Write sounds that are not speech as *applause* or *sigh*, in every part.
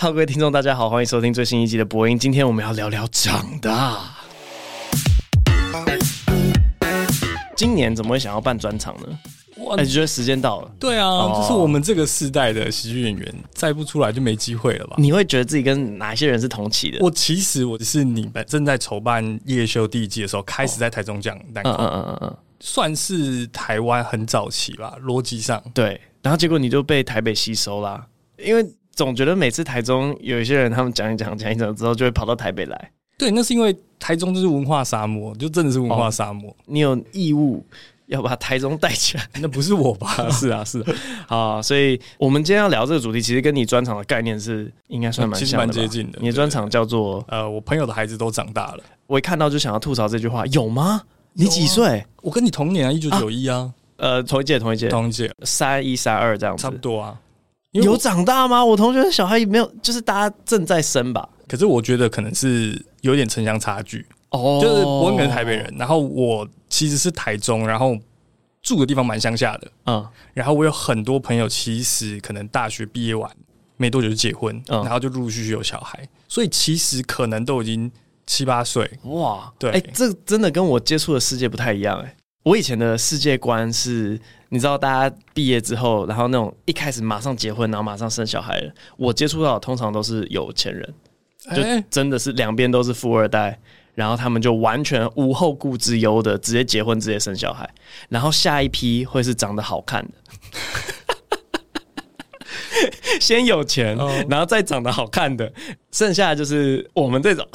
哈，各位聽眾，大家好，歡迎收聽最新一季的《博音》。今天我們要聊聊長大。今年怎麼會想要辦專場呢？我覺得時間到了？對啊，哦哦，就是我們這個世代的喜劇演員，再不出來就沒機會了吧？你會覺得自己跟哪一些人是同期的？我其實我是你們正在籌辦夜秀第一季的時候，開始在台中講、哦，嗯嗯嗯嗯，算是台灣很早期吧。邏輯上對，然後結果你就被台北吸收了、啊，因為。總覺得每次台中有一些人，他們講一講、講一講之後，就會跑到台北來。對，那是因為台中就是文化沙漠，就真的是文化沙漠。哦、你有義務要把台中帶起來？那不是我吧？ *laughs* 是啊，是啊。 *laughs* 好啊，所以我們今天要聊這個主題，其實跟你專場的概念是應該算蠻、蠻、嗯、接近的。你的專場叫做呃，我朋友的孩子都長大了。我一看到就想要吐槽這句話，有嗎？有啊、你幾歲？我跟你同年啊，一九九一啊，啊。呃，同一屆，同一屆，同一屆，三一三二這樣子，差不多啊。有長大嗎？我同學的小孩也沒有，就是大家正在生吧。可是我覺得可能是有點城鄉差距哦，oh. 就是我可能是台北人，然後我其實是台中，然後住的地方蠻鄉下的嗯，uh. 然後我有很多朋友，其實可能大學畢業完沒多久就結婚，uh. 然後就陸陸續續有小孩，所以其實可能都已經七八歲哇。Wow. 對，哎、欸，這真的跟我接觸的世界不太一樣哎、欸。我以前的世界觀是，你知道，大家畢業之後，然後那種一開始馬上結婚，然後馬上生小孩。我接觸到通常都是有錢人，就真的是兩邊都是富二代，然後他們就完全無後顧之憂的直接結婚，直接生小孩。然後下一批會是長得好看的，先有錢，然後再長得好看的，剩下就是我們這種。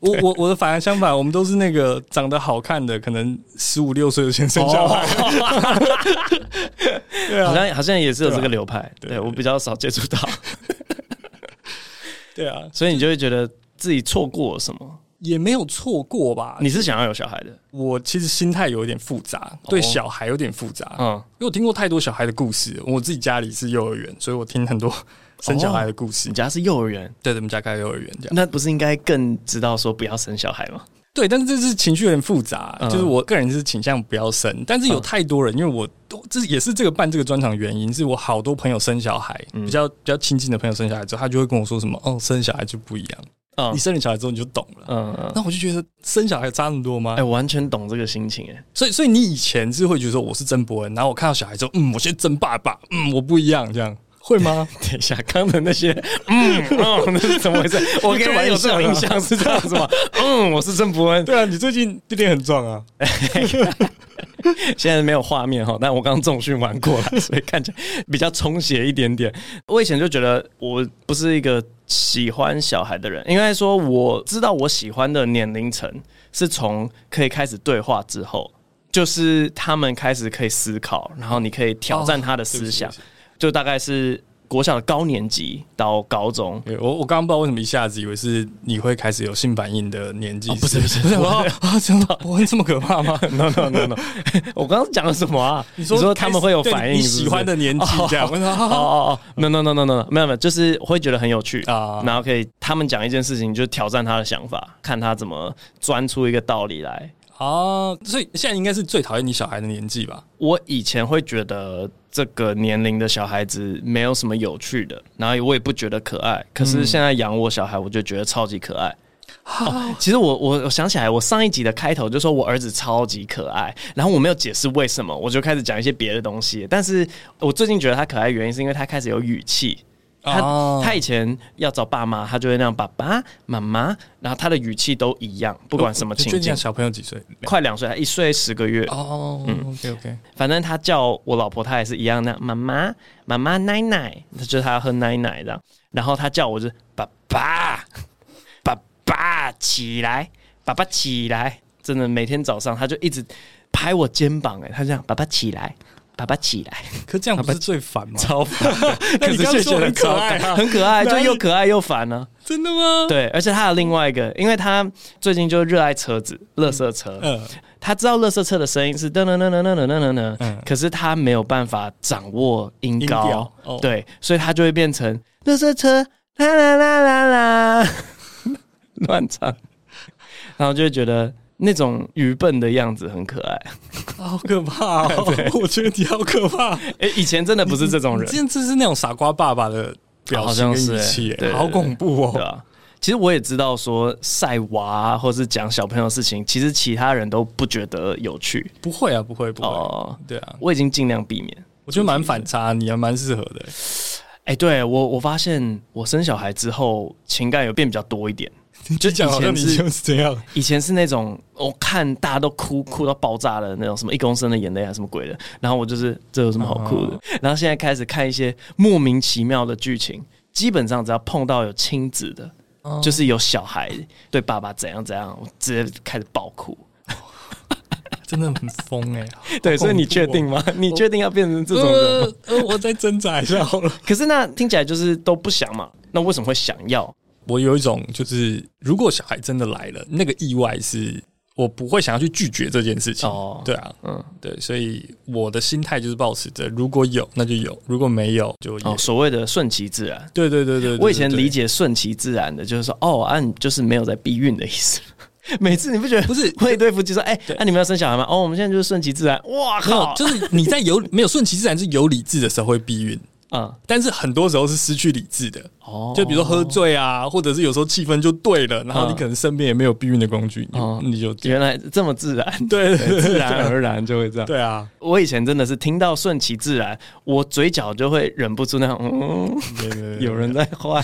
對 我我我的反而相反，我們都是那個長得好看的，可能十五六歲的先生小孩，oh、 *laughs* 對啊，好像好像也是有這個流派。對，對，對，我比較少接觸到。對啊，所以你就會覺得自己錯過了什麼？也沒有錯過吧。你是想要有小孩的？我其實心態有一點複雜，對小孩有點複雜。嗯，oh, 因為我聽過太多小孩的故事，我自己家裡是幼兒園，所以我聽很多。生小孩的故事、哦，你家是幼兒園？對，我們家開幼兒園。那不是應該更知道說不要生小孩嗎？對，但是這是情緒有點複雜。就是我個人是傾向不要生，嗯、但是有太多人，因為我這也是這個辦這個專場原因，是我好多朋友生小孩，比較比較親近的朋友生小孩之後，他就會跟我說什麼：哦，生小孩就不一樣。嗯、你生了小孩之後你就懂了。嗯，嗯那我就覺得生小孩差那麼多嗎？哎、欸，完全懂這個心情哎、欸。所以，所以你以前是會覺得說我是曾博恩，然後我看到小孩之後，嗯，我先曾爸爸，嗯，我不一樣這樣。會嗎？等一下，剛剛的那些，嗯、哦，那是怎麼回事？我給人有這種印象，是這樣子嗎？ *laughs* 嗯，我是曾博恩。對啊，你最近有點很壯啊！ *laughs* *laughs* 現在沒有畫面哈，但我剛剛重訓完過來，所以看起來比較充血一點點。我以前就覺得我不是一個喜歡小孩的人，應該說我知道我喜歡的年齡層是從可以開始對話之後，就是他們開始可以思考，然後你可以挑戰他的思想。哦就大概是國小的高年級到高中，欸、我我剛剛不知道為什麼一下子以為是你會開始有性反應的年紀，不是不是不是，真的、哦、不，不，不 *laughs* 會這麼可怕嗎？No No No No，, no. *laughs* 我剛剛講了什麼啊？你說，你，你說他們會有反應，你喜歡的年紀這樣，啊這樣啊哦？哦哦哦 no,，No No No No No，沒有沒有，就是會覺得很有趣啊，然後可以他們講一件事情，就是挑戰他的想法，看他怎麼鑽出一個道理來。啊，oh, 所以現在應該是最討厭你小孩的年紀吧？我以前會覺得這個年齡的小孩子沒有什麼有趣的，然後我也不覺得可愛。可是現在養我小孩，我就覺得超級可愛。嗯 oh. 哦、其實我我我想起來，我上一集的開頭就說我兒子超級可愛，然後我沒有解釋為什麼，我就開始講一些別的東西。但是我最近覺得他可愛的原因是因為他開始有語氣。他、oh. 他以前要找爸媽，他就會那樣，爸爸媽媽，然後他的語氣都一樣，不管什麼情況。最近小朋友幾歲？快兩歲，一歲十個月。哦、oh, 嗯，嗯，OK OK。反正他叫我老婆，他也是一樣那樣，媽媽媽媽奶奶，覺得他要喝奶奶的。然後他叫我是爸爸，爸爸起來，爸爸起來，真的每天早上他就一直拍我肩膀、欸，哎，他這樣，爸爸起來。爸爸起來，可是這樣不是最煩嗎？爸爸超煩的 *laughs* 可是卻 *laughs* 覺得很可愛、啊，很可愛，就又可愛又煩呢、啊。真的嗎？對，而且他有另外一個，因為他最近就熱愛車子，垃圾車。嗯、呃、他知道垃圾車的聲音是噔噔噔噔噔噔噔噔，嗯、可是他沒有辦法掌握音高，音哦、對，所以他就會變成垃圾車啦啦啦啦啦，亂 *laughs* 唱，然後就會覺得。那種愚笨的樣子很可愛，啊、好可怕哦、喔！ *laughs* 對我覺得你好可怕、喔。哎、欸，以前真的不是這種人，之前就是那種傻瓜爸爸的表情跟語氣、欸，啊、好，對對對好恐怖哦、喔。對啊，其實我也知道說，說曬娃或是講小朋友的事情，其實其他人都不覺得有趣。不會啊，不會，不會。呃、對啊，我已經盡量避免。我覺得蠻反差，你還蠻適合的、欸。哎、欸，對我我發現我生小孩之後，情感有變比較多一點。就以前是這樣？以前是那種我看大家都哭，哭到爆炸的那種，什麼一公升的眼淚啊，什麼鬼的。然後我就是這有什麼好哭的？然後現在開始看一些莫名其妙的劇情，基本上只要碰到有親子的，就是有小孩對爸爸怎樣怎樣，我直接開始爆哭，真的很瘋哎。對，所以你確定嗎？你確定要變成這種人？我再掙扎一下好了。可是那聽起來就是都不想嘛？那為什麼會想要？我有一種，就是如果小孩真的來了，那個意外是我不會想要去拒絕這件事情。哦，對啊，嗯，對，所以我的心態就是抱持着，如果有那就有，如果沒有就有、哦、所謂的順其自然。對對對對，對，我以前理解順其自然的就是說，哦，按、啊、就是沒有在避孕的意思。每次你不覺得不是會對夫妻就是說，哎，那你們要生小孩嗎？哦，我們現在就是順其自然。哇靠、哦，就是你在有沒有順其自然是有理智的時候會避孕。 *laughs* 嗯，但是很多時候是失去理智的，哦，就比如說喝醉啊，或者是有時候氣氛就對了，然後你可能身邊也沒有避孕的工具，你就原來這麼自然，對，自然而然就會這樣。對啊，我以前真的是聽到順其自然，我嘴角就會忍不住那樣，嗯，有人在壞，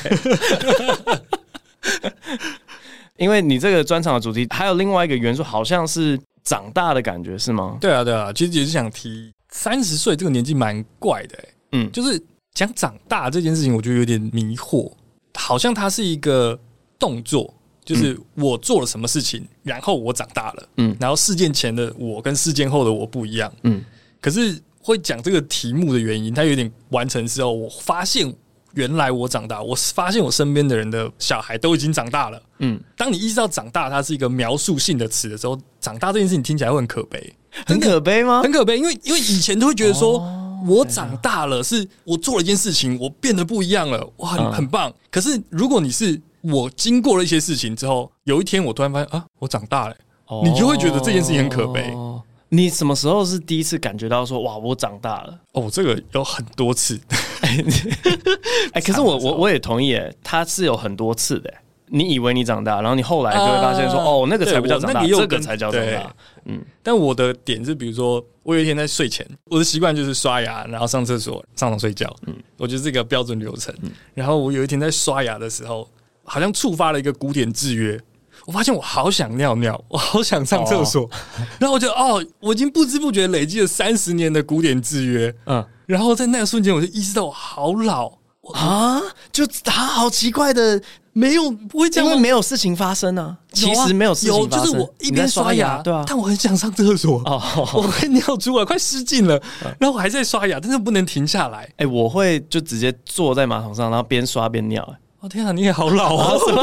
因為你這個專場的主題還有另外一個元素，好像是長大的感覺，是嗎？對啊，對啊，其實也是想提三十歲這個年紀蠻怪的，嗯，就是。講長大這件事情，我覺得有點迷惑，好像它是一個動作，就是我做了什麼事情，嗯，然後我長大了，嗯，然後事件前的我跟事件後的我不一樣，嗯，可是會講這個題目的原因，它有點完成之後，我發現原來我長大，我發現我身邊的人的小孩都已經長大了，嗯，當你意識到長大它是一個描述性的詞的時候，長大這件事情聽起來會很可悲，很可，可悲嗎？很可悲，因為因為以前都會覺得說。哦我長大了，是我做了一件事情，我變得不一樣了，我很，很棒！嗯、可是如果你是我經過了一些事情之後，有一天我突然發現啊，我長大了，哦、你就會覺得這件事情很可悲。你什麼時候是第一次感覺到說哇，我長大了？哦，這個有很多次。 *laughs* 哎，可是我我我也同意，哎，它是有很多次的。你以為你長大，然後你後來就會發現說，呃、哦，那個才不叫長大，那個這個才叫長大。對嗯，但我的點是，比如說，我有一天在睡前，我的習慣就是刷牙，然後上廁所，上床睡覺。嗯，我覺得這個標準流程。嗯、然後我有一天在刷牙的時候，好像觸發了一個古典制約，我發現我好想尿尿，我好想上廁所。哦、然後我就哦，我已經不知不覺累積了三十年的古典制約。嗯，然後在那個瞬間，我就意識到我好老我啊，就他、啊、好奇怪的。沒有不會這樣，因為沒有事情發生啊，其實沒有事情發生，就是我一邊刷牙，對吧？但我很想上廁所，我尿出來快失禁了，然後我還在刷牙，但是不能停下來。哎，我會就直接坐在馬桶上，然後邊刷邊尿。哦天啊，你也好老啊！什麼？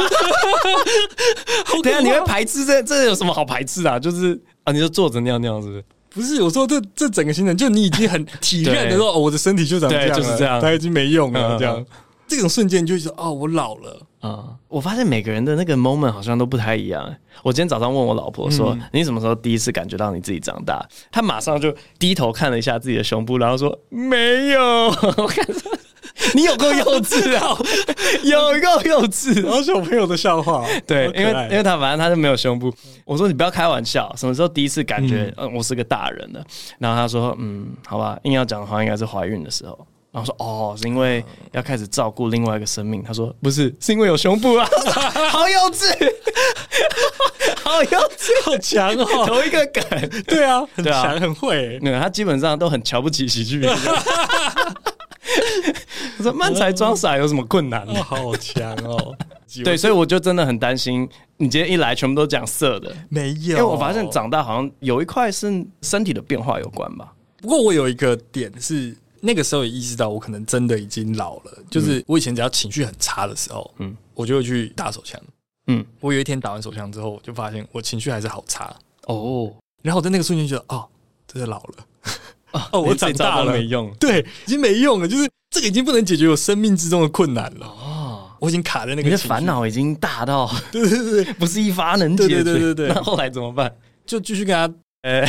天啊，你會排斥這？這有什麼好排斥啊？就是啊，你就坐着尿尿是不是？不是，我說這這整個行程，就你已經很體認的時候，我的身體就長這樣，就是這樣，它已經沒用了這樣。這種瞬間就是哦，我老了啊、嗯！我發現每個人的那個 moment 好像都不太一樣、欸。我今天早上問我老婆說：“嗯、你什麼時候第一次感覺到你自己長大？”她馬上就低頭看了一下自己的胸部，然後說：“沒有，我…… *laughs* 你有夠幼稚啊！有夠幼稚，然後小朋友的笑話。對”對，因為因為她反正她就沒有胸部。我說：“你不要開玩笑，什麼時候第一次感覺嗯，我是個大人了？”嗯、然後她說：“嗯，好吧，硬要講的話，應該是懷孕的時候。”然後我說哦，是因為要開始照顧另外一個生命。嗯、他說不是，是因為有胸部啊， *laughs* *laughs* 好幼稚，好幼稚，好強哦。頭 *laughs* 一個梗，對啊，很強，啊、很會、嗯。他基本上都很瞧不起喜劇人。 *laughs* *laughs* 我說漫才裝傻有什麼困難？好強哦， *laughs* 對，所以我就真的很擔心，你今天一來全部都講色的，沒有。因為我發現長大好像有一塊是身體的變化有關吧。不過我有一個點是。那個時候也意識到，我可能真的已經老了。就是我以前只要情緒很差的時候，嗯，我就會去打手槍。嗯，我有一天打完手槍之後，就發現我情緒還是好差哦。然後我在那個瞬間覺得，哦，真的老了哦，我長大了沒用，對，已經沒用了，就是這個已經不能解決我生命之中的困難了哦，我已經卡在那個。你的煩惱已經大到，對對對，不是一發能解決的，對對對對。那後來怎麼辦？就繼續跟他。呃，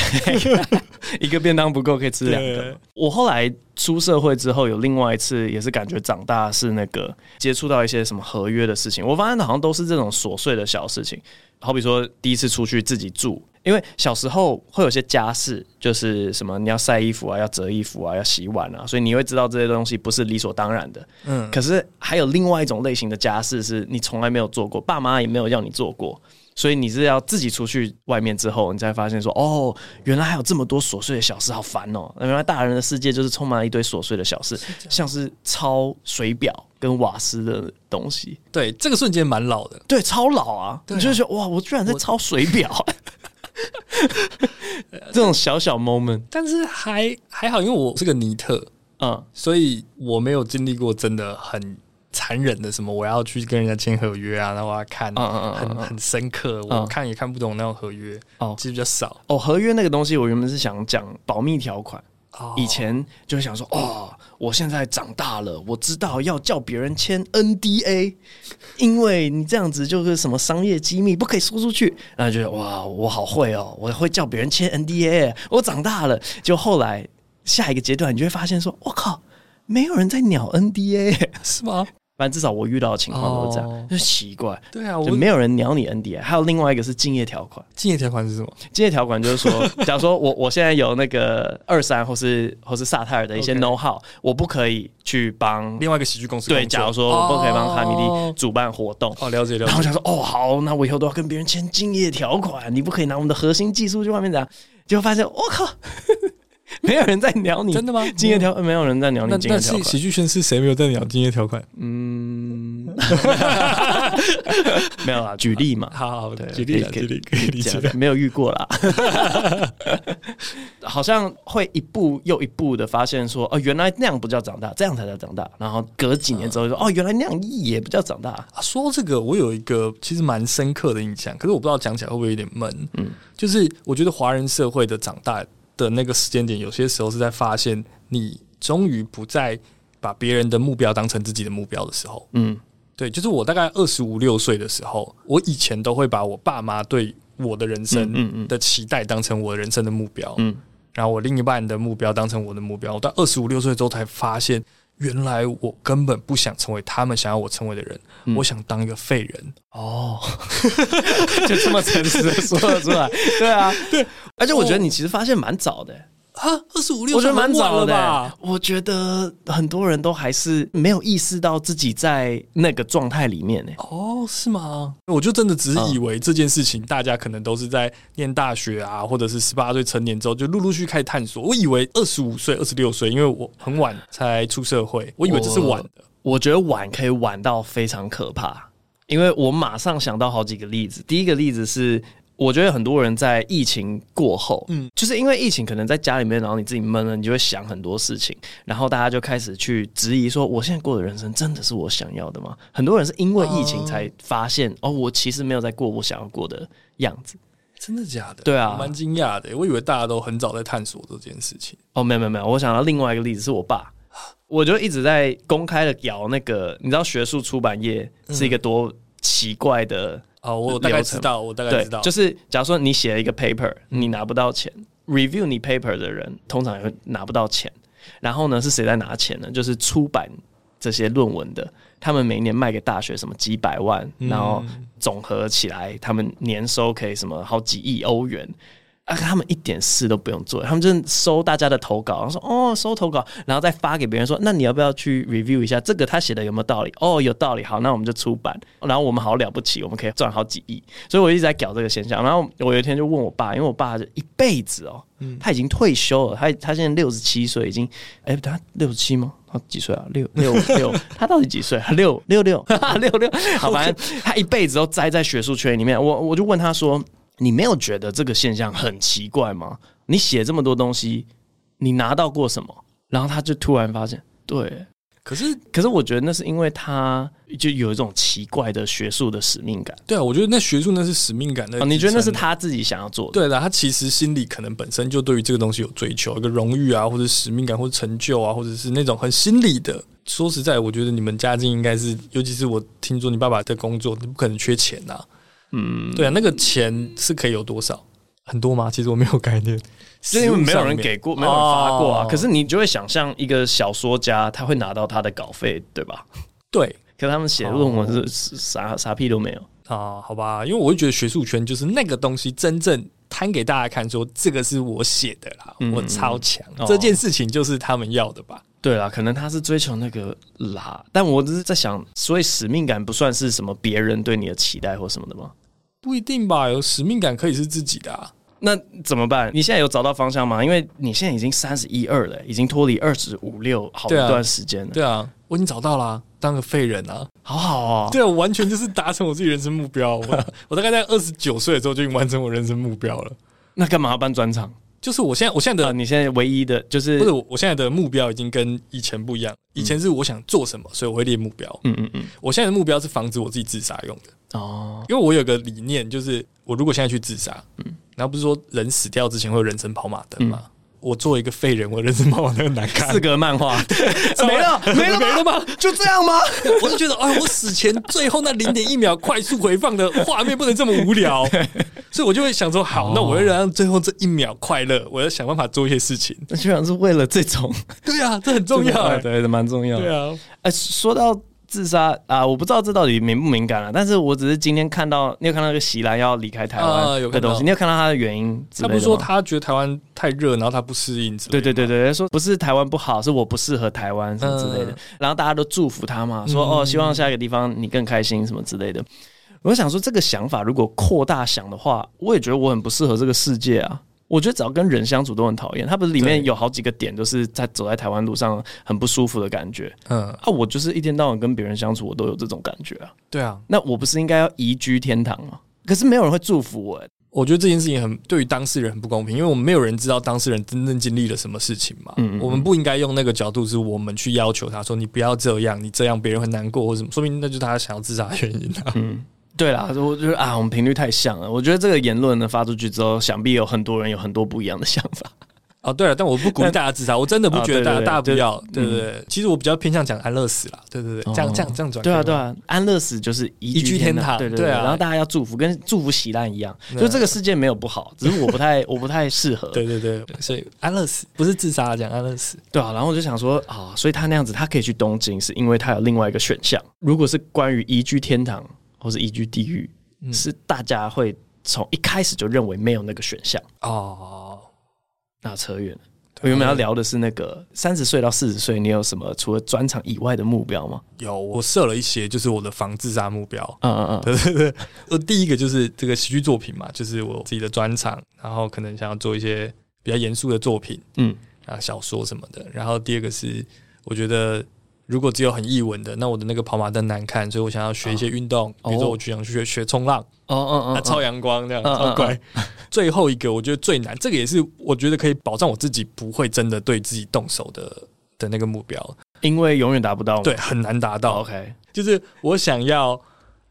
*laughs* 一個便當不夠，可以吃兩個。我後來出社會之後，有另外一次也是感覺長大是那個接觸到一些什麼合約的事情，我發現好像都是這種瑣碎的小事情，好比說第一次出去自己住，因為小時候會有些家事，就是什麼你要曬衣服啊，要折衣服啊，要洗碗啊，所以你會知道這些東西不是理所當然的。嗯，可是還有另外一種類型的家事，是你從來沒有做過，爸媽也沒有讓你做過。所以你是要自己出去外面之後，你才發現說，哦，原來還有這麼多瑣碎的小事，好煩哦！原來大人的世界就是充滿了一堆瑣碎的小事，是像是抄水表跟瓦斯的東西。對，這個瞬間蠻老的，對，超老啊！啊你就會說，哇，我居然在抄水表，我 *laughs* *laughs* 這種小小 moment，但是還還好，因為我是個尼特，嗯，所以我沒有經歷過真的很。殘忍的什麼？我要去跟人家簽合約啊！然後我要看，嗯嗯很很深刻。Uh, 我看也看不懂那種合約，哦、uh, oh,，其實比較少哦。合約那個東西，我原本是想講保密條款。Oh, 以前就想說，哦，我現在長大了，我知道要叫別人簽 NDA，因為你這樣子就是什麼商業機密不可以說出去。然後覺得哇，我好會哦，我會叫別人簽 NDA，我長大了。就後來下一個階段，你就會發現說，我靠，沒有人在鳥 NDA，是嗎？但至少我遇到的情況都是這樣，oh, 就奇怪。對啊，就沒有人鳥你 NDI 我。還有另外一個是競業條款，競業條款是什麼？競業條款就是說， *laughs* 假如說我我現在有那個二三或是或是薩泰爾的一些 know how，Okay. 我不可以去幫另外一個喜劇公司。對，假如說我不可以幫哈米迪主辦活動。哦，了解了解。然後想說，哦好，那我以後都要跟別人签競業條款，你不可以拿我們的核心技術去外面講。結果發現，我、哦、靠。 *laughs* 沒有人在鳥你，真的嗎？競業條，沒有人在鳥你，那那喜劇圈是誰沒有在鳥競業條款？嗯，沒有啦。舉例嘛，好，好舉例，舉例，可以理解，沒有遇過啦。好像會一步又一步的發現，說，哦，原來那樣不叫長大，這樣才叫長大。然後隔幾年之後說，哦，原來那樣也不叫長大。說這個，我有一個其實蠻深刻的印象，可是我不知道講起來會不會有點悶。嗯，就是我覺得華人社會的長大的那個時間點，有些時候是在發現你終於不再把別人的目標當成自己的目標的時候。嗯，對，就是我大概二十五六歲的時候，我以前都會把我爸媽對我的人生的期待當成我的人生的目標。嗯，嗯，嗯，然後我另一半的目標當成我的目標。我到二十五六歲之後才發現。原來我根本不想成為他們想要我成為的人，嗯、我想當一個廢人哦，oh. *laughs* *laughs* 就這麼誠實的說了出來，對， *laughs* 對啊，對，而且我覺得你其實發現蠻早的、欸。啊，二十五六，25, 我覺得蠻早的吧。我覺得很多人都還是沒有意識到自己在那個狀態裡面呢、欸。哦，oh, 是嗎？我就真的只是以為這件事情，大家可能都是在念大學啊，uh, 或者是十八歲成年之後就陸陸續續開始探索。我以為二十五歲、二十六歲，因為我很晚才出社會，我以為這是晚的我。我覺得晚可以晚到非常可怕，因為我馬上想到好幾個例子。第一個例子是。我覺得很多人在疫情過後，嗯，就是因為疫情，可能在家裡面，然後你自己悶了，你就會想很多事情，然後大家就開始去質疑說，我現在過的人生真的是我想要的嗎？很多人是因為疫情才發現，啊、哦，我其實沒有在過我想要過的樣子。真的假的？對啊，蠻驚訝的，我以為大家都很早在探索這件事情。哦，oh, 沒有沒有沒有，我想到另外一個例子是我爸。啊、我就一直在公開的聊那個，你知道學術出版業是一個多奇怪的、嗯。哦，我大概知道，流程，我大概知道，就是假如說你寫了一個 paper，你拿不到錢，嗯，review 你 paper 的人通常也會拿不到錢，然後呢，是誰在拿錢呢？就是出版這些論文的，他們每年賣給大學什麼幾百萬，然後總和起來，他們年收可以什麼好幾億歐元。他們一點事都不用做，他們就是收大家的投稿，然後說哦，收投稿，然後再發給別人說，那你要不要去 review 一下這個他寫的有沒有道理？哦，有道理，好，那我們就出版。然後我們好了不起，我們可以賺好幾億。所以我一直在搞這個現象。然後我有一天就問我爸，因為我爸是一輩子哦，他已經退休了，他他現在六十七歲，已經哎，他六十七嗎？他幾歲啊？六六六，他到底幾歲啊？六六六六六，好，反正他一輩子都栽在學術圈裡面。我我就問他說。你沒有覺得這個現象很奇怪嗎？你寫這麼多東西，你拿到過什麼？然後他就突然發現，對。可是，可是我覺得那是因為他就有一種奇怪的學術的使命感。對啊，我覺得那學術那是使命感的的。的、啊。你覺得那是他自己想要做的？對的，他其實心裡可能本身就對於這個東西有追求，一個榮譽啊，或者使命感，或者成就啊，或者是那種很心理的。說實在，我覺得你們家境應該是，尤其是我聽說你爸爸在工作，你不可能缺錢吶、啊。嗯，對啊，那個錢是可以有多少？很多嗎？其實我沒有概念，是因為沒有人給過，哦、沒有人發過啊。可是你就會想象一個小說家，他會拿到他的稿費，對吧？對。可是他們寫論文是、哦、啥啥屁都沒有啊？好吧，因為我會覺得學術圈就是那個東西真正攤給大家看，說這個是我寫的啦，我超強，嗯、這件事情就是他們要的吧？哦、對啦，可能他是追求那個啦，但我只是在想，所以使命感不算是什麼別人對你的期待或什麼的嗎？不一定吧，有使命感可以是自己的。啊，那怎麼辦？你現在有找到方向嗎？因為你現在已經三十一二了，欸，已經脫離二十五六好一段時間了對。啊。對啊，我已經找到了，啊，當個廢人啊，好好啊。對啊，完全就是達成我自己人生目標。我， *laughs* 我大概在二十九歲的時候就已經完成我人生目標了。 *laughs* 那幹嘛要辦專場？就是我現在，我現在的、呃、你現在唯一的就是，不是，我現在的目標已經跟以前不一樣。嗯、以前是我想做什麼，所以我會列目標。嗯嗯嗯，我現在的目標是防止我自己自殺用的。哦，因為我有個理念，就是我如果現在去自殺，嗯，然後不是說人死掉之前會有人生跑馬燈嗎？我做一個廢人，我人生跑馬燈很難看，四格漫畫沒了，沒了，沒了嗎？就這樣嗎？我就覺得，啊，我死前最後那零點一秒快速回放的畫面不能這麼無聊，所以我就會想說，好，那我要讓最後這一秒快樂，我要想辦法做一些事情。那居然是為了這種？對啊，這很重要，對，蠻重要，對啊。哎，說到。自殺啊！我不知道這到底敏不敏感了、啊，但是我只是今天看到，你有看到那個席蘭要離開台灣的東西，啊、有你有看到他的原因之類的？他不是說他覺得台灣太熱，然後他不適應之類。對對對對，他說不是台灣不好，是我不適合台灣什麼之類的。嗯、然後大家都祝福他嘛，說哦，希望下一個地方你更開心什麼之類的。我想說，這個想法如果擴大想的話，我也覺得我很不適合這個世界啊。我覺得只要跟人相處都很討厭，他不是裡面有好幾個點，都是在走在台灣路上很不舒服的感覺。嗯，啊，我就是一天到晚跟別人相處，我都有這種感覺啊。對啊，那我不是應該要移居天堂嗎？可是沒有人會祝福我欸。我覺得這件事情很對於當事人很不公平，因為我們沒有人知道當事人真正經歷了什麼事情嘛。嗯嗯，我們不應該用那個角度，是我們去要求他說，你不要這樣，你這樣別人很難過或者什麼，說明那就是他想要自殺的原因啊。嗯。對啦，我就是啊，我們頻率太像了。我覺得這個言論呢，發出去之後，想必有很多人有很多不一樣的想法。哦，對了，但我不鼓勵大家自殺，我真的不覺得大家，大家不要，對不對？其實我比較偏向講安樂死啦，對對對，這樣，這樣，這樣轉。對啊對啊，安樂死就是移居天堂，對啊。然後大家要祝福，跟祝福喜誕一樣，就這個世界沒有不好，只是我不太，我不太適合。對對對，所以安樂死不是自殺，講安樂死。對啊，然後我就想說啊，所以他那樣子，他可以去東京，是因為他有另外一個選項。如果是關於移居天堂。或是移居地獄，嗯、是大家會從一開始就認為沒有那個選項哦。那扯遠了，對我們要聊的是那個三十歲到四十歲，你有什麼除了專場以外的目標嗎？有，我設了一些，就是我的防自殺目標。嗯嗯嗯， *laughs* 第一個就是這個喜劇作品嘛，就是我自己的專場，然後可能想要做一些比較嚴肅的作品，嗯，啊，小說什麼的。然後第二個是，我覺得。如果只有很藝文的，那我的那個跑馬燈難看，所以我想要學一些運動，oh. Oh. 比如說我只想去學學衝浪，哦哦哦，超陽光這樣 oh, oh, oh, oh. 超乖。最後一個我覺得最難，這個也是我覺得可以保障我自己不會真的對自己動手的的那個目標，因為永遠達不到，對，很難達到。Oh, OK，就是我想要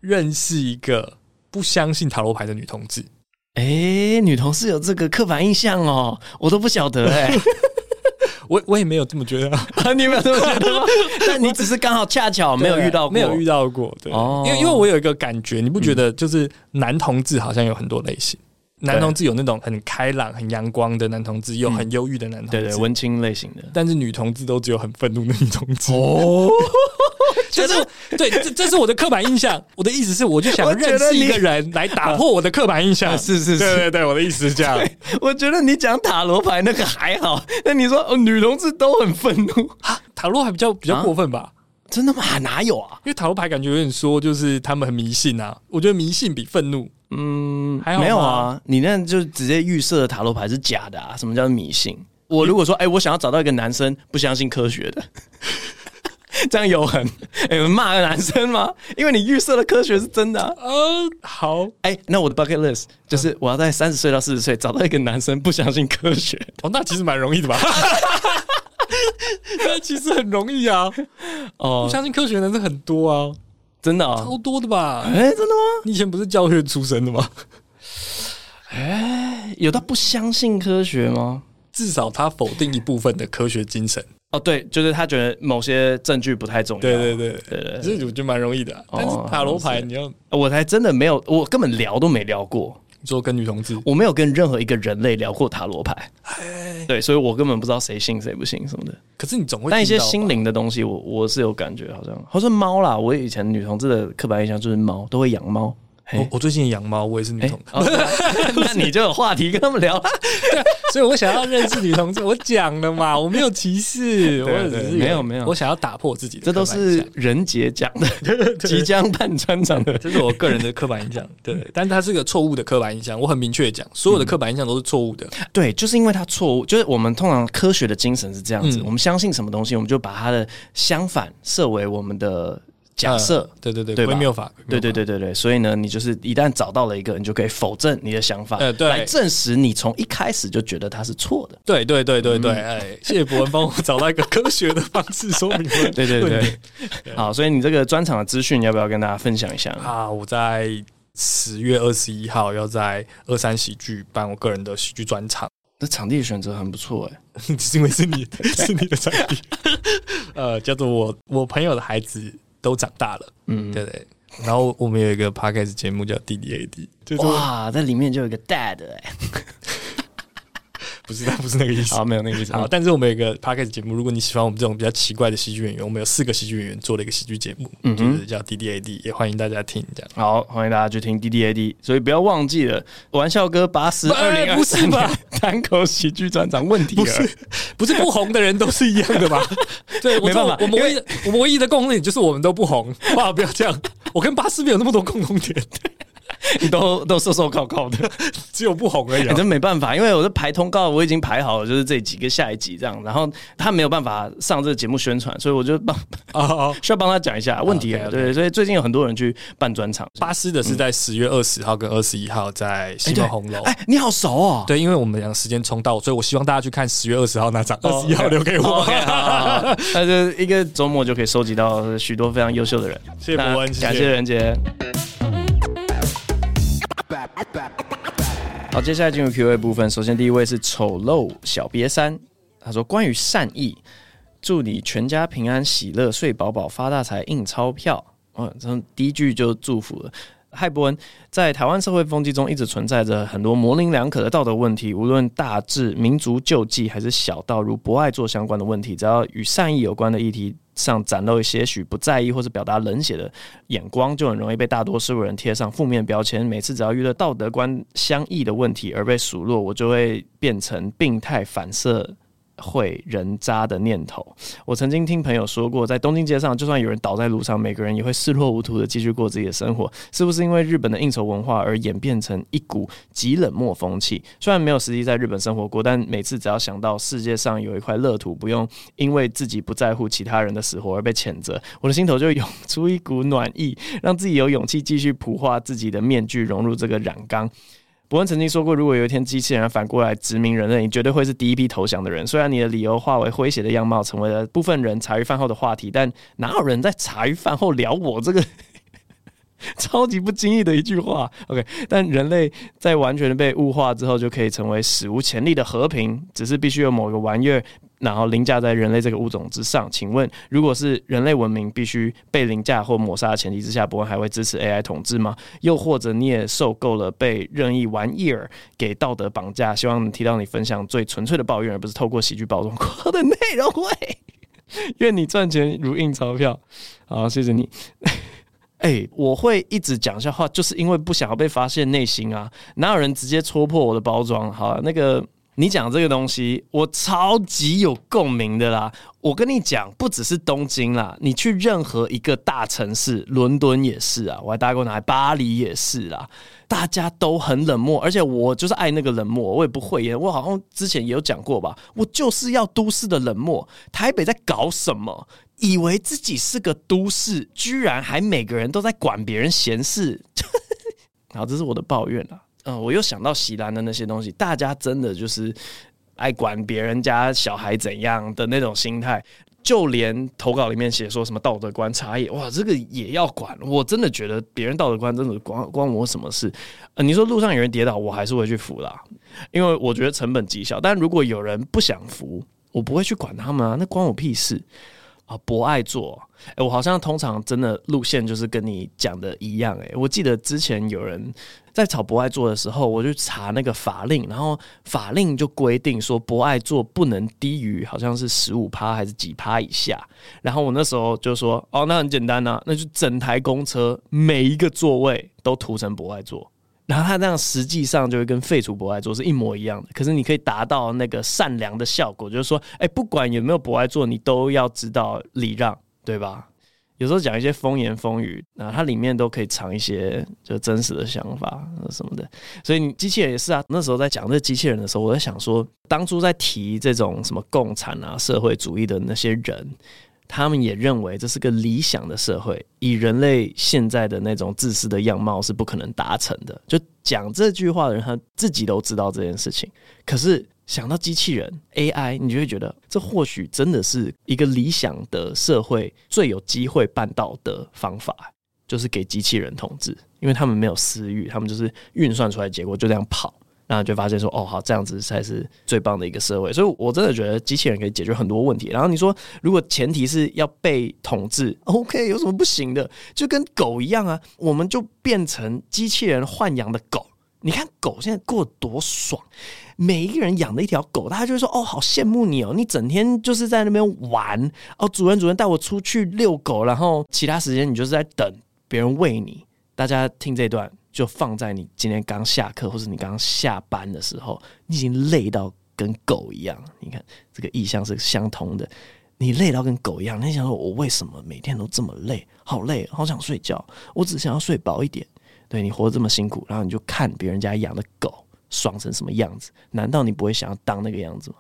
認識一個不相信塔羅牌的女同志。哎、欸，女同事有這個刻板印象哦，我都不曉得哎。對 *laughs* 我我也沒有這麼覺得、 *laughs* 啊，你沒有這麼覺得， *laughs* 但你只是剛好恰巧沒有遇到過，沒有遇到過，對，哦、因為因為我有一個感覺，你不覺得就是男同志好像有很多類型，男同志有那種很開朗、很陽光的男同志，又很憂鬱的男同志，嗯、對，對對，文青類型的，但是女同志都只有很憤怒的女同志哦。就是得對，這這是我的刻板印象。 *laughs* 我的意思是，我就想認識一個人來打破我的刻板印象。啊啊、是是是，對對對，我的意思是這樣。我覺得你講塔羅牌那個還好。那你說哦、呃，女同志都很憤怒啊？塔羅還比較比較過分吧？啊、真的嗎？哪有啊？因為塔羅牌感覺有點說，就是他們很迷信啊。我覺得迷信比憤怒，嗯，還好，沒有啊。你那就直接預設塔羅牌是假的啊？什麼叫做迷信？我如果說，哎、欸，我想要找到一個男生不相信科學的。這樣有很哎罵、欸、個男生嗎？因為你預設的科學是真的、啊。哦、呃，好。誒、欸、那我的 bucket list 就是我要在三十歲到四十歲找到一個男生不相信科學。哦，那其實蠻容易的吧？那 *laughs* *laughs* *laughs* 其實很容易啊。哦、呃，相信科學的人是很多啊，真的啊、哦，超多的吧？哎、欸，真的嗎？你以前不是教學出身的嗎？哎、 *laughs* 欸，有他不相信科學嗎、嗯？至少他否定一部分的科學精神。哦，oh, 對，就是他覺得某些證據不太重要。對對對對對，對對對，其實我覺得蠻容易的啊。Oh, 但是塔羅牌，你要我還真的沒有，我根本聊都沒聊過。你說跟女同志，我沒有跟任何一個人類聊過塔羅牌。Hey. 對，所以我根本不知道誰信誰不信什麼的。可是你總會，但一些心靈的東西我，我我是有感覺，好像，好像貓啦。我以前女同志的刻板印象就是貓，都會養貓。Hey. 我我最近養貓，我也是女同志。那你就有話題跟他們聊啦 *laughs* 所以我想要認識女同志， *laughs* 我講了嘛，我沒有歧視， *laughs* 對對對，我只是沒有沒有，沒有，我想要打破自己的。這都是仁頡講的， *laughs* 對對對，即將辦專場的，這 *laughs* 是我個人的刻板印象。對， *laughs* 但他是個錯誤的刻板印象，我很明確講，所有的刻板印象都是錯誤的。嗯。對，就是因為它錯誤，就是我們通常科學的精神是這樣子，嗯、我們相信什麼東西，我們就把它的相反設為我們的。假設，對對對，對吧？對對對對對，所以呢，你就是一旦找到了一個，你就可以否證你的想法，來證實你從一開始就覺得它是錯的。對對對對對，哎，謝謝博恩幫我找到一個科學的方式說明，對對對，好，所以你這個專場的資訊你要不要跟大家分享一下啊？我在十月二十一號要在二三喜劇辦我個人的喜劇專場，那場地選擇很不錯哎，因為是你是你的場地，呃，叫做我我朋友的孩子。都長大了，嗯，嗯，對對。然後我們有一個 podcast 節目叫《DDAD 就說哇，在對裡面就有一個 dad 哎、欸。 *laughs* 不是，不是那個意思。好，沒有那個意思。好，哦、但是我們有個 Podcast 節目，如果你喜歡我們這種比較奇怪的喜劇演員，我們有四個喜劇演員做了一個喜劇節目，嗯、哼就是叫 D D A D，也歡迎大家聽一下。這樣好，歡迎大家去聽 D D A D。所以不要忘記了，玩笑哥八十二年、欸，不是嗎？單口喜劇專長問題不是不是不紅的人都是一樣的吧？ *laughs* 對，沒辦法我我們唯一我們唯一的共同點就是我們都不紅。哇不要這樣， *laughs* 我跟巴斯沒有那麼多共同點。 *laughs* 你都都瘦瘦高高的， *laughs* 只有不紅而已，啊。反正，欸、沒辦法，因為我的排通告我已經排好了，就是這集跟下一集這樣。然後他沒有辦法上這個節目宣傳，所以我就幫 oh, oh. 需要幫他講一下問題。Oh, okay, okay. 對，所以最近有很多人去辦專場。巴斯的是在十月二十號跟二十一號在西門紅樓。哎、欸對欸，你好熟哦！對，因為我們兩個時間衝到，所以我希望大家去看十月二十號那場，二十一號留給我。那就是一個周末就可以收集到許多非常優秀的人。謝謝博恩杰，那謝謝感謝仁頡。好，接下來進入 Q&A 部分。首先，第一位是醜陋小別三，他說：“關於善意，祝你全家平安喜樂，睡飽飽，發大財，印鈔票。”嗯，這第一句就祝福了。嗨，博恩在台灣社會風氣中一直存在着很多模稜兩可的道德問題，無論大至民族救濟，還是小到如博愛座相關的問題，只要與善意有關的議題上展露一些許不在意或是表達冷血的眼光，就很容易被大多數人貼上負面標籤。每次只要遇到道德觀相異的問題而被數落，我就會變成病態反射。會人渣的念頭。我曾經聽朋友說過，在東京街上，就算有人倒在路上，每個人也會視若無睹地繼續過自己的生活。是不是因為日本的應酬文化而演變成一股極冷漠風氣？雖然沒有實際在日本生活過，但每次只要想到世界上有一塊樂土，不用因為自己不在乎其他人的死活而被譴責，我的心頭就湧出一股暖意，讓自己有勇氣繼續普化自己的面具，融入這個染缸。博恩曾經說過，如果有一天機器人反過來殖民人類，你絕對會是第一批投降的人。雖然你的理由化為詼諧的樣貌，成為了部分人茶餘飯後的話題，但哪有人在茶餘飯後聊我這個 *laughs* 超級不經意的一句話？OK，但人類在完全被物化之後，就可以成為史無前例的和平，只是必須有某個玩意兒。然後凌駕在人類這個物種之上，請問如果是人類文明必須被凌駕或抹殺的前提之下，博恩還會支持 AI 統治嗎？又或者你也受夠了被任意玩意兒給道德綁架？希望提到你分享最純粹的抱怨，而不是透過喜劇包裝過的內容會。餵， *laughs* 願你賺錢如印鈔票。好，謝謝你。哎、 *laughs* 欸，我會一直講笑話，就是因為不想要被發現內心啊。哪有人直接戳破我的包裝？好、啊，那個。你講這個東西，我超級有共鳴的啦！我跟你講，不只是東京啦，你去任何一個大城市，倫敦也是啊，我還待過哪裡？巴黎也是啊。大家都很冷漠，而且我就是愛那個冷漠，我也不會耶，我好像之前也有講過吧，我就是要都市的冷漠。台北在搞什麼？以為自己是個都市，居然還每個人都在管別人閒事， *laughs* 好，這是我的抱怨啦。嗯、呃，我又想到席蘭的那些東西，大家真的就是愛管別人家小孩怎樣的那種心態，就連投稿裡面寫說什麼道德觀差異，哇，這個也要管？我真的覺得別人道德觀真的關關我什麼事？呃，你說路上有人跌倒，我還是會去扶啦，因為我覺得成本極小。但如果有人不想扶，我不會去管他們啊，那關我屁事啊、呃！博愛座、欸，我好像通常真的路線就是跟你講的一樣、欸。誒，我記得之前有人。在炒博愛座的時候，我就查那個法令，然後法令就規定說博愛座不能低於好像是十五趴還是幾趴以下。然後我那時候就說，哦，那很簡單吶、啊，那就整台公車每一個座位都塗成博愛座，然後他這樣實際上就會跟廢除博愛座是一模一樣的。可是你可以達到那個善良的效果，就是說，哎、欸，不管有沒有博愛座，你都要知道禮讓，對吧？有時候講一些風言風語，那、啊、它裡面都可以藏一些就真實的想法什麼的。所以你機器人也是啊。那時候在講這機器人的時候，我在想說，當初在提這種什麼共產啊、社會主義的那些人，他們也認為這是個理想的社會，以人類現在的那種自私的樣貌是不可能達成的。就講這句話的人，他自己都知道這件事情，可是，想到機器人 AI，你就會覺得這或許真的是一個理想的社會，最有機會辦到的方法，就是給機器人統治，因為他們沒有私欲，他們就是運算出來結果就這樣跑，然後就發現說，哦，好，這樣子才是最棒的一個社會。所以，我真的覺得機器人可以解決很多問題。然後你說，如果前提是要被統治，OK，有什麼不行的？就跟狗一樣啊，我們就變成機器人豢養的狗。你看狗現在過得多爽，每一個人養的一條狗，大家就會說：“哦，好羨慕你哦，你整天就是在那邊玩哦。”主人，主人帶我出去遛狗，然後其他時間你就是在等別人餵你。大家聽這段，就放在你今天剛下課或是你剛剛下班的時候，你已經累到跟狗一樣。你看這個意象是相通的，你累到跟狗一樣，你想說：“我為什麼每天都這麼累？好累，好想睡覺，我只想要睡飽一點。”對，你活得這麼辛苦，然後你就看別人家養的狗爽成什麼樣子？難道你不會想要當那個樣子嗎？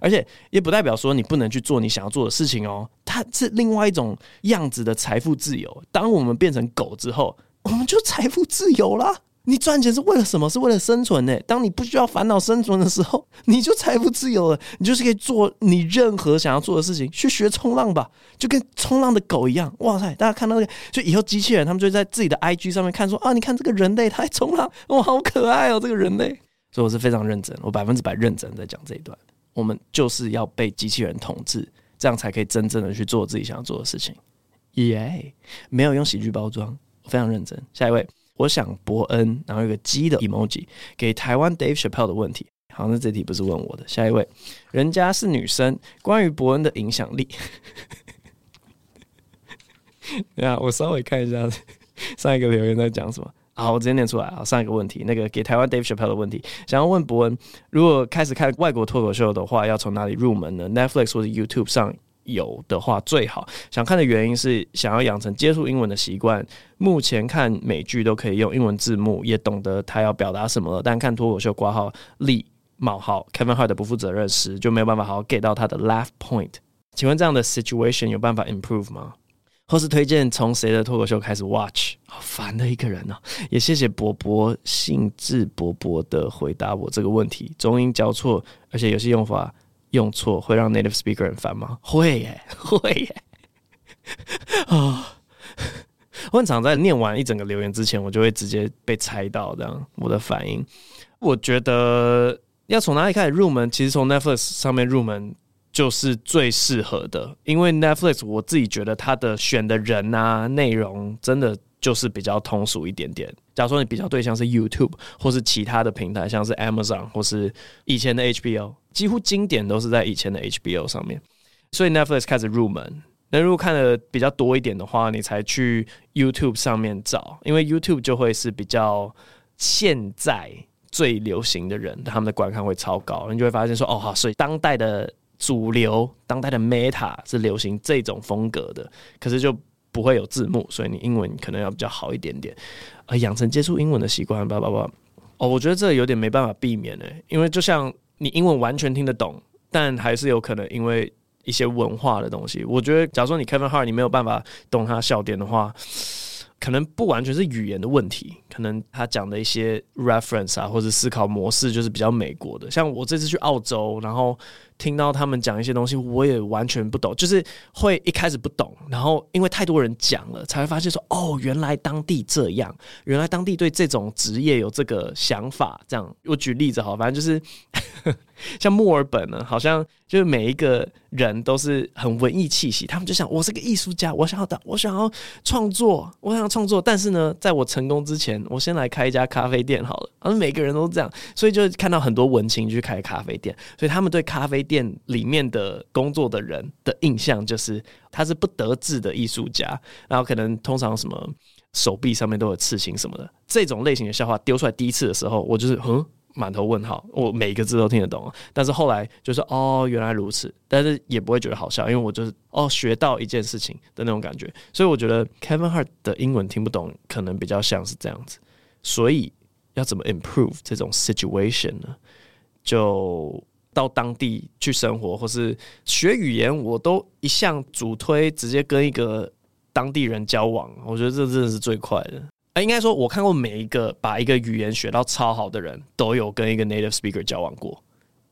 而且也不代表說你不能去做你想要做的事情哦。它是另外一種樣子的財富自由。當我們變成狗之後，我們就財富自由了。你賺錢是為了什麼？是為了生存呢？當你不需要煩惱生存的時候，你就財富自由了。你就是可以做你任何想要做的事情，去學衝浪吧，就跟衝浪的狗一樣。哇塞！大家看到那、這個，就以，以後機器人他們就在自己的 IG 上面看說啊，你看這個人類，他衝浪，哇、哦，好可愛哦，這個人類。所以我是非常認真，我百分之百認真在講這一段。我們就是要被機器人統治，這樣才可以真正的去做自己想要做的事情。耶、yeah，沒有用喜劇包裝，我非常認真。下一位。我想博恩，然後有一個雞的 emoji，給台灣 Dave Chappelle 的問題。好像這題不是問我的。下一位，人家是女生，關於博恩的影響力。 *laughs* 等下我稍微看一下上一個留言在講什麼。好，我直接念出來啊。上一個問題，那個給台灣 Dave Chappelle 的問題，想要問博恩，如果開始看外國脫口秀的話，要從哪裡入門呢？Netflix 或者 YouTube 上？有的話最好。想看的原因是想要養成接觸英文的習慣。目前看美劇都可以用英文字幕，也懂得他要表達什麼了。但看脫口秀括號例冒號 Kevin Hart 的不負責任時，就沒有辦法好好 get 到他的 laugh point。請問這樣的 situation 有辦法 improve 嗎？或是推薦從誰的脫口秀開始 watch？好煩的一個人呢、啊。也謝謝博博興致勃勃的回答我這個問題，中英交錯，而且有些用法。用錯會讓 native speaker 很煩嗎？會耶，會耶啊！ *laughs* oh, *laughs* 我很常在念完一整個留言之前，我就會直接被猜到這樣。我的反應，我覺得要從哪裡開始入門？其實從 Netflix 上面入門就是最適合的，因為 Netflix 我自己覺得它的選的人啊、內容真的就是比較通俗一點點。假如說你比較對象是 YouTube 或是其他的平台，像是 Amazon 或是以前的 HBO。幾乎經典都是在以前的 HBO 上面，所以 Netflix 開始入門。那如果看的比較多一點的話，你才去 YouTube 上面找，因為 YouTube 就會是比較現在最流行的人，他們的觀看會超高。你就會發現說，哦，好，所以當代的主流，當代的 Meta 是流行這種風格的，可是就不會有字幕，所以你英文可能要比較好一點點，呃，養成接觸英文的習慣，叭叭叭。哦，我覺得這有點沒辦法避免耶，因為就像。你英文完全聽得懂，但還是有可能因為一些文化的東西。我覺得，假如說你 Kevin Hart，你沒有辦法懂他笑點的話，可能不完全是語言的問題，可能他講的一些 reference 啊，或者思考模式就是比較美國的。像我這次去澳洲，然後。聽到他們講一些東西，我也完全不懂，就是會一開始不懂，然後因為太多人講了，才會發現說哦，原來當地這樣，原來當地對這種職業有這個想法。這樣我舉例子好，反正就是呵呵像墨爾本呢，好像就是每一個人都是很文藝氣息，他們就想我是個藝術家，我想要的，我想要創作，我想要創作。但是呢，在我成功之前，我先來開一家咖啡店好了。他們每個人都是這樣，所以就看到很多文青去開咖啡店，所以他們對咖啡。店裡面的工作的人的印象就是他是不得志的藝術家，然後可能通常什麼手臂上面都有刺青什麼的這種類型的笑話丟出來第一次的時候，我就是嗯滿頭問號，我每一個字都聽得懂，但是後來就是哦原來如此，但是也不會覺得好笑，因為我就是哦學到一件事情的那種感覺，所以我覺得 Kevin Hart 的英文聽不懂可能比較像是這樣子，所以要怎麼 improve 這種 situation 呢？就。到當地去生活，或是學語言，我都一向主推直接跟一個當地人交往。我覺得這真的是最快的。哎，應該說，我看過每一個把一個語言學到超好的人都有跟一個 native speaker 交往過。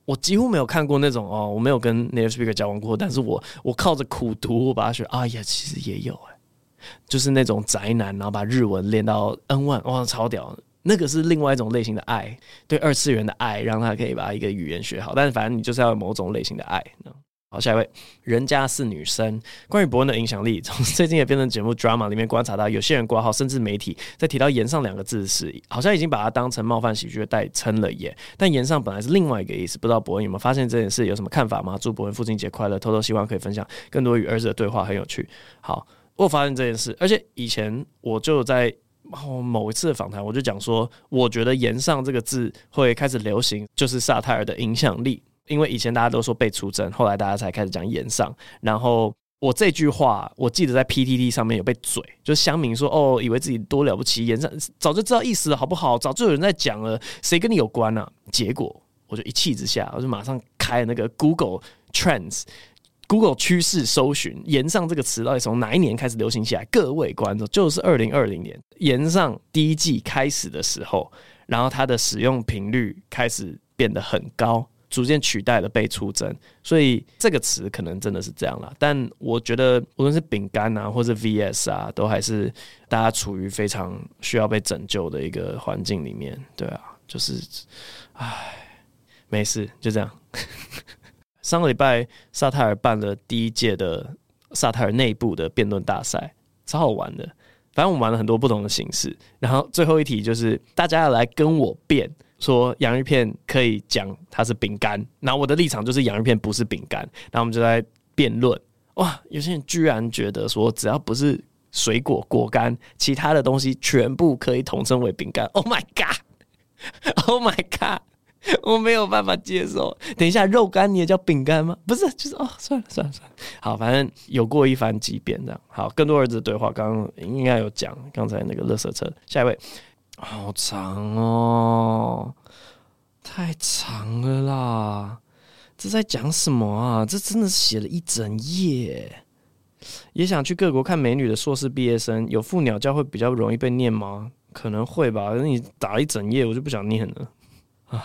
我幾乎沒有看過那種哦，我沒有跟 native speaker 交往過，但是我我靠着苦讀我把它學。哎呀，其實也有哎、欸，就是那種宅男，然後把日文練到 N1，哇，超屌！那個是另外一種類型的愛，對二次元的愛，讓他可以把一個語言學好。但是反正你就是要有某種類型的愛。No. 好，下一位，人家是女生。關於博恩的影響力，從最近也變成節目 drama 裡面觀察到，有些人掛號，甚至媒體在提到“炎上”兩個字時，好像已經把它當成冒犯喜劇代稱了耶。但“炎上”本來是另外一個意思，不知道博恩有沒有發現這件事，有什麼看法嗎？祝博恩父親節快樂。偷偷希望可以分享更多與兒子的對話，很有趣。好，我有發現這件事，而且以前我就在。然後某一次訪談，我就講說，我覺得“炎上”這個字會開始流行，就是薩泰爾的影響力。因為以前大家都說“被出征”，後來大家才開始講“炎上”。然後我這句話，我記得在 PTT 上面有被嘴，就是鄉民說：“哦，以為自己多了不起，炎上早就知道意思了，好不好？早就有人在講了，誰跟你有關啊？結果我就一氣之下，我就馬上開那個 Google Trends。Google 趨勢搜尋“炎上”這個詞到底從哪一年開始流行起來？各位觀眾，就是二零二零年炎上第一季開始的時候，然後它的使用頻率開始變得很高，逐漸取代了被出征，所以這個詞可能真的是這樣啦，但我覺得無論是餅乾啊，或者 VS 啊，都還是大家處於非常需要被拯救的一個環境裡面。對啊，就是唉，沒事，就這樣。 *laughs* 上個禮拜，薩泰爾辦了第一屆的薩泰爾內部的辯論大賽，超好玩的。反正我們玩了很多不同的形式，然後最後一題就是大家要來跟我辯，說洋芋片可以講它是餅乾，然後我的立場就是洋芋片不是餅乾，然後我們就來辯論。哇，有些人居然覺得說只要不是水果果乾，其他的東西全部可以統稱為餅乾。Oh my god! Oh my god! *laughs* 我沒有辦法接受。等一下，肉乾你也叫餅乾嗎？不是，就是哦，算了算了算了。好，反正有過一番激辯這樣。好，更多兒子對話，剛剛應該有講剛才那個垃圾車。下一位，哦，好長哦，太長了啦！這在講什麼啊？這真的是寫了一整頁。也想去各國看美女的碩士畢業生，有副鳥叫會比較容易被念嗎？可能會吧。你打一整頁，我就不想念了啊。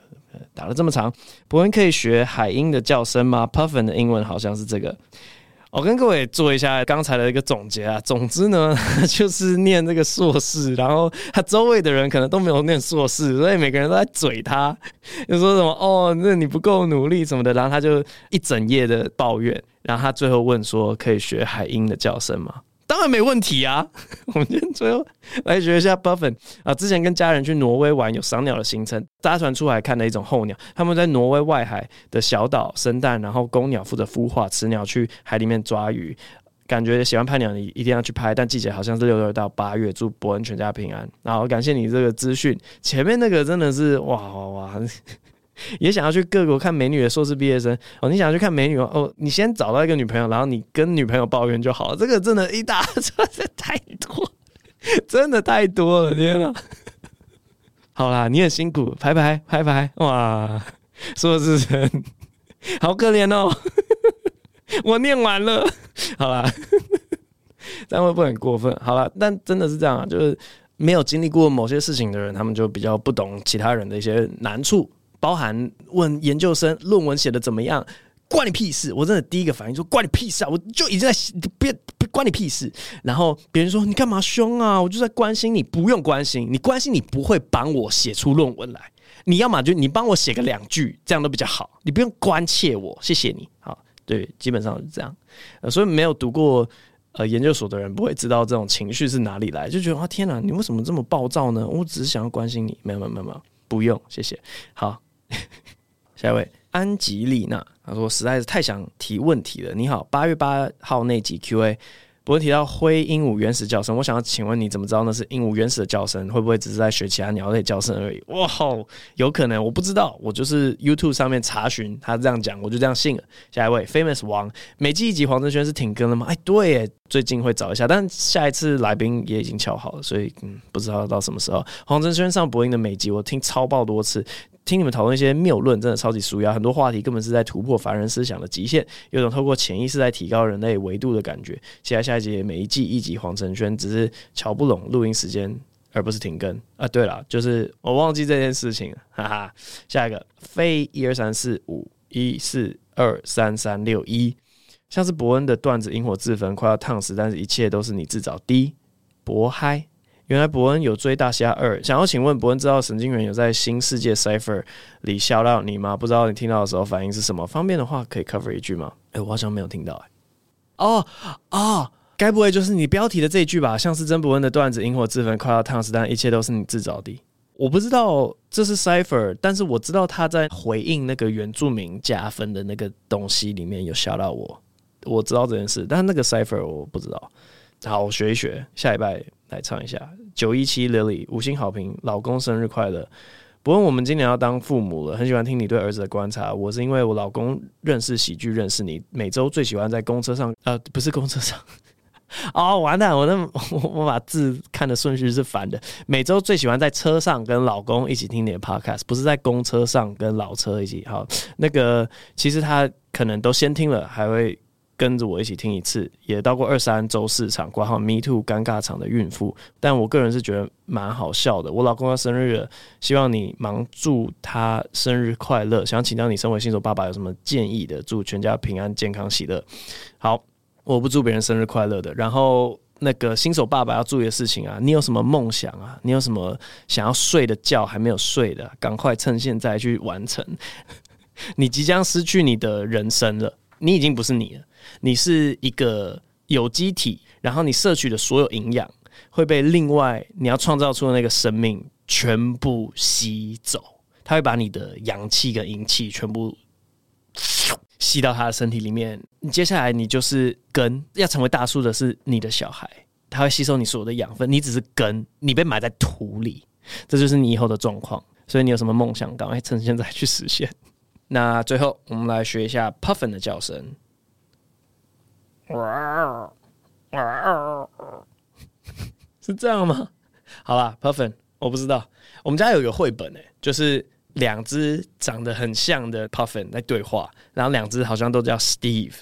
打了這麼長，博恩可以學海鸚的叫聲嗎？Puffin 的英文好像是這個。我、哦、跟各位做一下剛才的一個總結啊。總之呢，就是念這個碩士，然後他周圍的人可能都沒有念碩士，所以每個人都在嘴他，就說什麼哦，那你不夠努力什麼的。然後他就一整夜的抱怨，然後他最後問說，可以學海鸚的叫聲嗎？那沒問題啊！ *laughs* 我們先最後來學一下 b u f f i n 啊。之前跟家人去挪威玩，有賞鳥的行程，搭船出海看了一種候鳥。他們在挪威外海的小島生蛋，然後公鳥負責孵化，雌鳥去海裡面抓魚。感覺喜歡拍鳥你一定要去拍，但季節好像是六月到八月。祝伯恩全家平安。然後感謝你這個資訊，前面那個真的是哇哇哇！哇哇也想要去各國看美女的碩士畢業生。哦，你想要去看美女？哦，你先找到一個女朋友，然後你跟女朋友抱怨就好。這個真的，一大串這太多，真的太多了，天啊，好啦，你很辛苦，拜拜拜拜。哇，碩士生，好可憐哦。我念完了，好啦，但會不會很過分？好啦，但真的是這樣，啊，就是沒有經歷過某些事情的人，他們就比較不懂其他人的一些難處。包含問研究生論文寫得怎麼樣，關你屁事！我真的第一個反應說，關你屁事啊！我就已經在寫，別關你屁事。然後別人說你幹嘛兇啊？我就在關心你，不用關心你，關心你不會幫我寫出論文來。你要麼就你幫我寫個兩句，這樣都比較好。你不用關切我，謝謝你。好，對，基本上是這樣。呃，所以沒有讀過呃研究所的人不會知道這種情緒是哪裡來，就覺得哇，天吶、啊，你為什麼這麼暴躁呢？我只是想要關心你，沒有沒有沒有，不用，謝謝。好。 *laughs* 下一位安吉麗娜，她說我實在是太想提問題了。你好，八月八號那集 Q&A，博恩提到灰鸚鵡原始叫聲，我想要請問你怎麼知道那是鸚鵡原始的叫聲？會不會只是在學其他鳥類叫聲而已？哇，有可能，我不知道，我就是 YouTube 上面查詢，他這樣講，我就這樣信了。下一位 Famous 王，每季一集黃振軒是停更了嗎？哎，對耶，最近會找一下，但下一次來賓也已經敲好了，所以嗯，不知道到什麼時候。黃振軒上博恩的每集我聽超爆多次。聽你們討論一些謬論，真的超級舒壓。很多話題根本是在突破凡人思想的極限，有種透過潛意識在提高人類維度的感覺。現在下一集每一季一集黃承軒只是瞧不攏錄音時間，而不是停更啊！對了，就是我忘記這件事情，哈哈。下一個飛一二三四五一四二三三六一，像是博恩的段子引火自焚，快要燙死，但是一切都是你自找的。D 博嗨。原來博恩有追《大蝦二》，想要請問博恩知道神經元有在《新世界 Cypher》裡笑到你嗎？不知道你聽到的時候反應是什麼？方便的話可以 cover 一句嗎？哎、欸，我好像沒有聽到、欸。哎，哦哦，該不會就是你標題的這一句吧？像是曾博恩的段子，引火自焚，快要燙死，ons, 但一切都是你自找的。我不知道這是 Cypher，但是我知道他在回應那個原住民加分的那個東西裡面有笑到我，我知道這件事，但那個 Cypher 我不知道。好，我學一學，下禮拜來唱一下。九一七 Lily 五星好評，老公生日快樂！不過我們今年要當父母了，很喜歡聽你對兒子的觀察。我是因為我老公認識喜劇，認識你。每周最喜歡在公車上，呃，不是公車上，哦，完蛋，我那我我把字看的順序是反的。每周最喜歡在車上跟老公一起聽你的 Podcast，不是在公車上跟老車一起。好，那個其實他可能都先聽了，還會。跟着我一起聽一次，也到過二三週四場，掛號 me too 尷尬場的孕婦，但我個人是覺得蠻好笑的。我老公要生日了，希望你忙祝他生日快樂。想請教你，身為新手爸爸有什麼建議的？祝全家平安、健康、喜樂。好，我不祝別人生日快樂的。然後那個新手爸爸要注意的事情啊，你有什麼夢想啊？你有什麼想要睡的覺還沒有睡的，趕快趁現在去完成。 *laughs* 你即將失去你的人生了。你已經不是你了，你是一個有機體，然後你攝取的所有營養會被另外你要創造出的那個生命全部吸走，它會把你的陽氣跟陰氣全部吸到他的身體裡面。你接下來你就是根，要成為大樹的是你的小孩，他會吸收你所有的養分，你只是根，你被埋在土裡，這就是你以後的狀況。所以你有什麼夢想，趕快趁現在去實現。那最後，我們來學一下 puffin 的叫聲。 *laughs* 是這樣嗎？好啦，puffin，我不知道，我們家有一個繪本誒、欸，就是兩隻長得很像的 puffin 在對話，然後兩隻好像都叫 Steve。